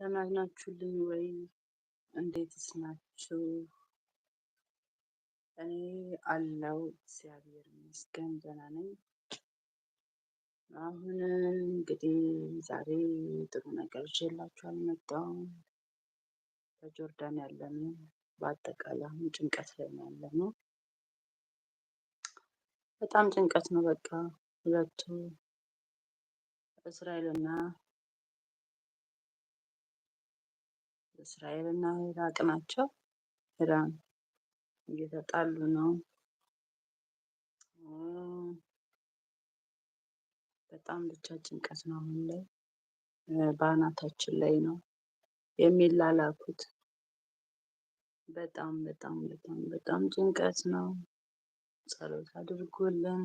ተዝናናችሁልኝ ወይ? እንዴትስ ናችሁ? እኔ አለው እግዚአብሔር ይመስገን ደህና ነኝ። አሁን እንግዲህ ዛሬ ጥሩ ነገር ይዤላችሁ አልመጣሁም። በጆርዳን ነው፣ በአጠቃላይ አሁን ጭንቀት ላይ ነው ነው። በጣም ጭንቀት ነው። በቃ ሁለቱ እስራኤል እና እስራኤል እና ኢራቅ ናቸው። ኢራን እየተጣሉ ነው። በጣም ብቻ ጭንቀት ነው። አሁን ላይ በአናታችን ላይ ነው የሚላላኩት። በጣም በጣም በጣም በጣም ጭንቀት ነው። ጸሎት አድርጎልን።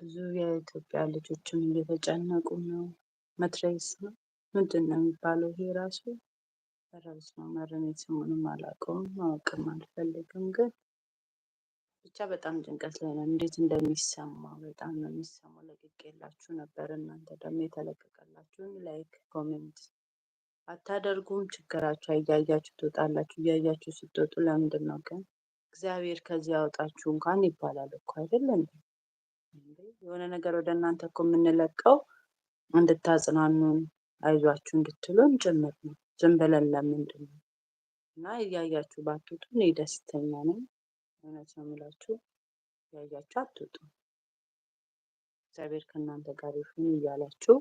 ብዙ የኢትዮጵያ ልጆችም እየተጨነቁ ነው። መትረየስ ነው ምንድን ነው የሚባለው ይሄ ራሱ ረብስ ነው መረሜት ስሙንም አላውቀውም ማወቅም አልፈልግም ግን ብቻ በጣም ጭንቀት ላይ ነው እንዴት እንደሚሰማ በጣም ነው የሚሰማው ለቅቄላችሁ ነበር እናንተ ደግሞ የተለቀቀላችሁን ላይክ ኮሜንት አታደርጉም ችግራችሁ እያያችሁ ትወጣላችሁ እያያችሁ ስትወጡ ለምንድን ነው ግን እግዚአብሔር ከዚህ ያወጣችሁ እንኳን ይባላል እኮ አይደለም የሆነ ነገር ወደ እናንተ እኮ የምንለቀው እንድታጽናኑን አይዟችሁ እንድትሉን ጭምር ነው። ዝም ብለን ለምንድን ነው እና እያያችሁ ባትወጡ እኔ ደስተኛ ነኝ። እውነት ነው የምላችሁ፣ እያያችሁ አትወጡ። እግዚአብሔር ከእናንተ ጋር ይሁን እያላችሁ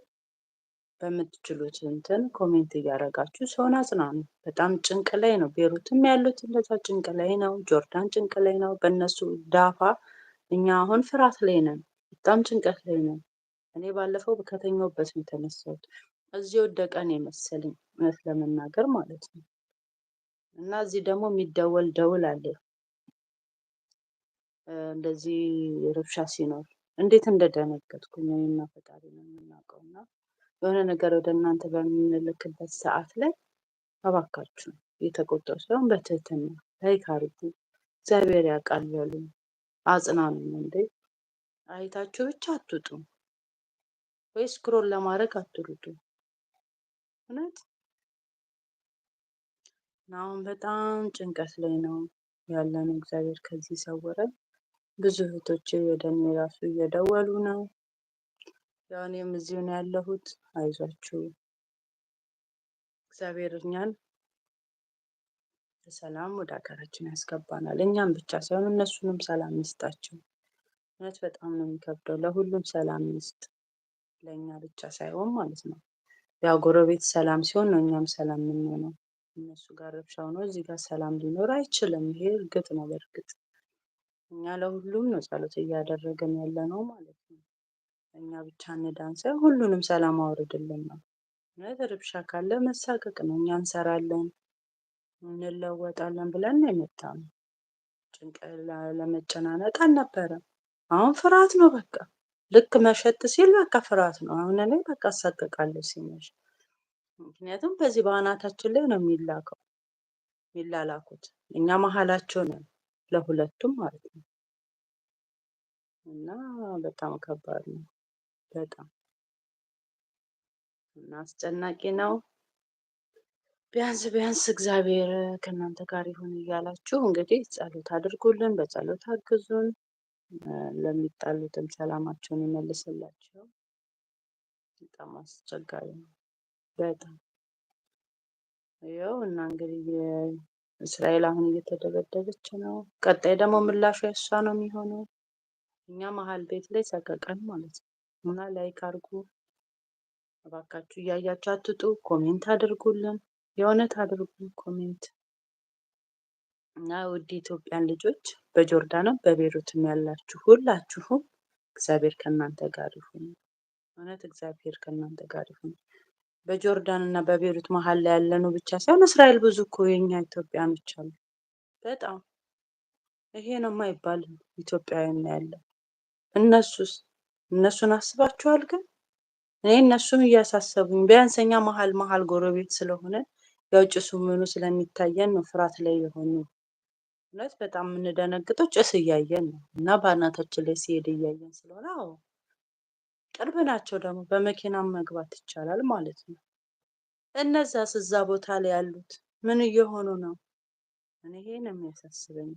በምትችሉት እንትን ኮሜንት እያደረጋችሁ ሰውን አጽናኑ። በጣም ጭንቅ ላይ ነው። ቤሩትም ያሉት እንደዛ ጭንቅ ላይ ነው። ጆርዳን ጭንቅ ላይ ነው። በእነሱ ዳፋ እኛ አሁን ፍርሃት ላይ ነን። በጣም ጭንቀት ላይ ነን። እኔ ባለፈው ከተኛሁበት ነው የተነሳሁት። እዚህ የወደቀ ነው የመሰለኝ እውነት ለመናገር ማለት ነው። እና እዚህ ደግሞ የሚደወል ደውል አለ። እንደዚህ ረብሻ ሲኖር እንዴት እንደደነገጥኩኝ እኔና ፈጣሪ ነው የምናውቀው። እና የሆነ ነገር ወደ እናንተ በምንልክበት ሰዓት ላይ እባካችሁ የተቆጠሩ ሳይሆን በትህትና ላይክ አድርጉ። እግዚአብሔር ያውቃል በሉ፣ አጽናኑም። እንዴ አይታችሁ ብቻ አትውጡ ወይ ስክሮል ለማድረግ አትሩጡ። እውነት አሁን በጣም ጭንቀት ላይ ነው ያለነው። እግዚአብሔር ከዚህ ይሰውረን። ብዙ እህቶች ወደ እኔ ራሱ እየደወሉ ነው። ያው እኔም እዚሁ ነው ያለሁት። አይዟችሁ፣ እግዚአብሔር እኛን በሰላም ወደ ሀገራችን ያስገባናል። እኛም ብቻ ሳይሆን እነሱንም ሰላም ይስጣቸው። እውነት በጣም ነው የሚከብደው። ለሁሉም ሰላም ይስጥ፣ ለእኛ ብቻ ሳይሆን ማለት ነው። ያው ጎረቤት ሰላም ሲሆን ነው እኛም ሰላም የምንሆነው። እነሱ ጋር ረብሻ ሆኖ እዚህ ጋር ሰላም ሊኖር አይችልም። ይሄ እርግጥ ነው። በእርግጥ እኛ ለሁሉም ነው ጸሎት እያደረግን ያለ ነው ማለት ነው። እኛ ብቻ እንዳን ሳይሆን ሁሉንም ሰላም አውርድልን ነው። እውነት ርብሻ ካለ መሳቀቅ ነው። እኛ እንሰራለን እንለወጣለን ብለን ነው የመጣ ነው። ጭንቅ ለመጨናነቅ አልነበረም። አሁን ፍርሃት ነው በቃ ልክ መሸት ሲል በቃ ፍርሃት ነው። አሁን ላይ በቃ አሳቀቃለሁ ሲመሽ፣ ምክንያቱም በዚህ በአናታችን ላይ ነው የሚላከው የሚላላኩት። እኛ መሀላቸው ነን ለሁለቱም ማለት ነው። እና በጣም ከባድ ነው በጣም እና አስጨናቂ ነው። ቢያንስ ቢያንስ እግዚአብሔር ከእናንተ ጋር ይሁን እያላችሁ እንግዲህ ጸሎት አድርጉልን፣ በጸሎት አግዙን። ለሚጣሉትም ሰላማቸውን ይመልስላቸው። በጣም አስቸጋሪ ነው። በጣም ይኸው እና እንግዲህ እስራኤል አሁን እየተደበደበች ነው። ቀጣይ ደግሞ ምላሹ የእሷ ነው የሚሆነው። እኛ መሀል ቤት ላይ ሰቀቀን ማለት ነው። እና ላይክ አድርጉ እባካችሁ፣ እያያችሁ አትጡ። ኮሜንት አድርጉልን፣ የእውነት አድርጉ ኮሜንት እና ውድ የኢትዮጵያን ልጆች በጆርዳንም በቤሩትም ያላችሁ ሁላችሁም እግዚአብሔር ከእናንተ ጋር ይሁን። እውነት እግዚአብሔር ከእናንተ ጋር ይሁን። በጆርዳን እና በቤሩት መሀል ላይ ያለነው ብቻ ሳይሆን እስራኤል ብዙ እኮ የኛ ኢትዮጵያኖች አሉ። በጣም ይሄ ነው የማይባል ኢትዮጵያውያን ያለው። እነሱስ እነሱን አስባችኋል? ግን እኔ እነሱም እያሳሰቡኝ ቢያንስ እኛ መሀል መሀል ጎረቤት ስለሆነ ያው ጭሱ ምኑ ስለሚታየን ነው ፍርሃት ላይ የሆኑ እውነት በጣም የምንደነግጠው ጭስ እያየን ነው እና በአናታችን ላይ ሲሄድ እያየን ስለሆነ አዎ ቅርብ ናቸው። ደግሞ በመኪናም መግባት ይቻላል ማለት ነው። እነዛስ እዛ ቦታ ላይ ያሉት ምን እየሆኑ ነው? እኔ ይሄን የሚያሳስበኝ።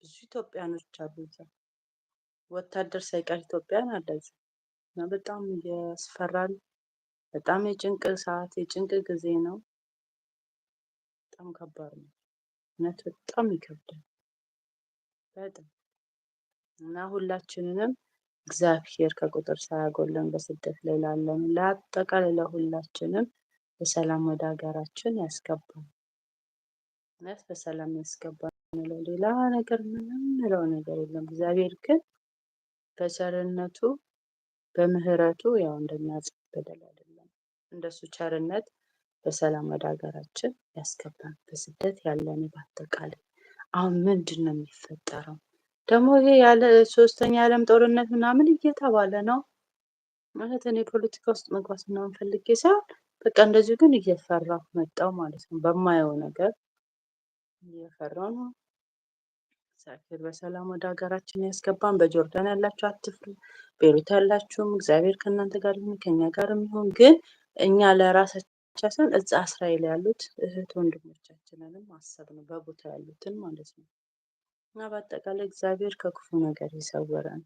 ብዙ ኢትዮጵያኖች አሉ እዛ፣ ወታደር ሳይቀር ኢትዮጵያን አለ እና በጣም ያስፈራል። በጣም የጭንቅ ሰዓት የጭንቅ ጊዜ ነው። በጣም ከባድ ነው። እውነት በጣም ይከብዳል። በጣም እና ሁላችንንም እግዚአብሔር ከቁጥር ሳያጎለን በስደት ላይ ላለን ለአጠቃላይ ሁላችንም በሰላም ወደ ሀገራችን ያስገባል። እውነት በሰላም ያስገባል ምንለው ሌላ ነገር ምንም ምለው ነገር የለም። እግዚአብሔር ግን በቸርነቱ በምህረቱ ያው እንደኛ በደል አይደለም እንደሱ ቸርነት በሰላም ወደ ሀገራችን ያስገባል። በስደት ያለን በአጠቃላይ አሁን ምንድን ነው የሚፈጠረው? ደግሞ ይሄ ያለ ሶስተኛ የዓለም ጦርነት ምናምን እየተባለ ነው ማለት እኔ ፖለቲካ ውስጥ መግባት ምናምን ፈልጌ ሳይሆን በቃ እንደዚሁ ግን እየፈራሁ መጣሁ ማለት ነው። በማየው ነገር እየፈራሁ ነው። እግዚአብሔር በሰላም ወደ ሀገራችን ያስገባን። በጆርዳን ያላችሁ አትፍሩ፣ ቤሩት ያላችሁም እግዚአብሔር ከእናንተ ጋር ይሁን ከእኛ ጋርም ይሁን። ግን እኛ ለራሳችን ብቻ ሳይሆን እዛ እስራኤል ያሉት እህት ወንድሞቻችንንም ማሰብ ነው፣ በቦታ ያሉትን ማለት ነው። እና በአጠቃላይ እግዚአብሔር ከክፉ ነገር ይሰውረን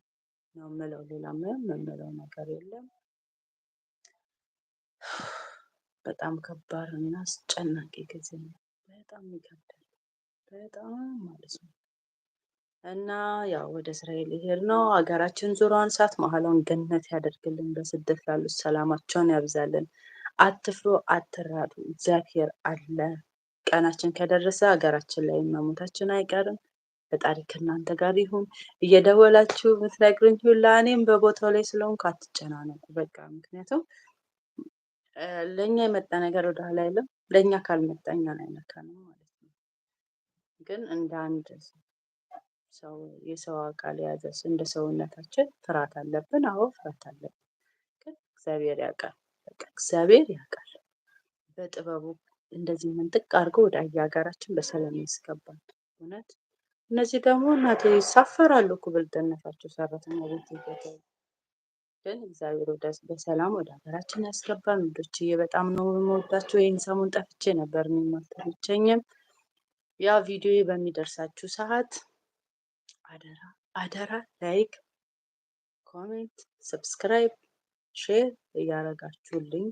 ነው የምለው። ሌላ ምንም የምለው ነገር የለም። በጣም ከባድ እና አስጨናቂ ጊዜ ነው። በጣም ይከብዳል። በጣም ማለት ነው። እና ያው ወደ እስራኤል ይሄድ ነው። ሀገራችን ዙሯን ሰዓት መሀላውን ገነት ያደርግልን። በስደት ላሉት ሰላማቸውን ያብዛልን። አትፍሩ፣ አትራዱ። እግዚአብሔር አለ። ቀናችን ከደረሰ ሀገራችን ላይ መሞታችን አይቀርም። ፈጣሪ ከእናንተ ጋር ይሁን። እየደወላችሁ የምትነግሩኝ ሁላ እኔም በቦታው ላይ ስለሆንኩ አትጨናነቁ። በቃ ምክንያቱም ለእኛ የመጣ ነገር ወደኋላ ኋላ የለም። ለእኛ ካልመጣ እኛን አይነካንም ማለት ነው። ግን እንደ አንድ ሰው የሰው አካል የያዘ እንደ ሰውነታችን ፍርሃት አለብን። አዎ ፍርሃት አለብን። ግን እግዚአብሔር ያውቃል። እንደሚያውቅ እግዚአብሔር ያውቃል። በጥበቡ እንደዚህ ምንጥቅ አድርጎ ወደ አያገራችን በሰላም ያስገባል። እውነት እነዚህ ደግሞ እናቴ ይሳፈራሉ እኮ ብልጥነታቸው ሰራተኛ ቤት ይገባሉ። ግን እግዚአብሔር በሰላም ወደ ሀገራችን ያስገባል። ወንዶችዬ በጣም ነው የምወዳቸው። ይህን ሰሞን ጠፍቼ ነበር የሚመርጠው ብቸኝም ያ ቪዲዮ በሚደርሳችሁ ሰዓት አደራ አደራ ላይክ፣ ኮሜንት፣ ሰብስክራይብ እያረጋችሁልኝ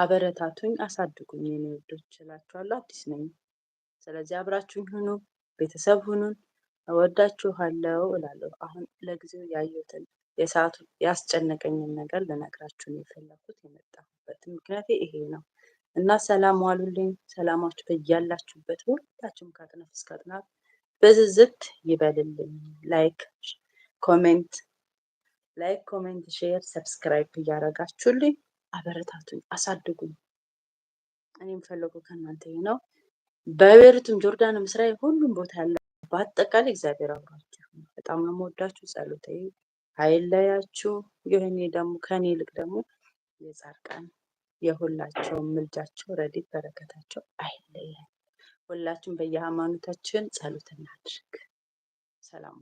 አበረታቱኝ፣ አሳድጉኝ የኔ ውዶች እላችኋለሁ። አዲስ ነኝ፣ ስለዚህ አብራችሁኝ ሁኑ፣ ቤተሰብ ሁኑን፣ እወዳችኋለሁ እላለሁ። አሁን ለጊዜው ያየሁትን የሰዓቱ ያስጨነቀኝን ነገር ልነግራችሁ ነው የፈለኩት። የመጣሁበት ምክንያቴ ይሄ ነው እና ሰላም ዋሉልኝ። ሰላማችሁ በያላችሁበት ሁላችሁም ከአጥናፍ እስከ አጥናፍ ብዝዝት ይበልልኝ። ላይክ ኮሜንት ላይክ፣ ኮሜንት፣ ሼር፣ ሰብስክራይብ እያደረጋችሁልኝ አበረታቱኝ፣ አሳድጉኝ። እኔ የምፈለጉ ከእናንተ ይህ ነው። በቤሩትም ጆርዳንም እስራኤል ሁሉም ቦታ ያለ በአጠቃላይ እግዚአብሔር አብሯችሁ። በጣም ነው የምወዳችሁ። ጸሎቴ አይለያችሁ። ይህኔ ደግሞ ከእኔ ይልቅ ደግሞ የጻድቃን የሁላቸው ምልጃቸው ረድኤት በረከታቸው አይለያል። ሁላችሁም በየሃይማኖታችን ጸሎት እናድርግ። ሰላም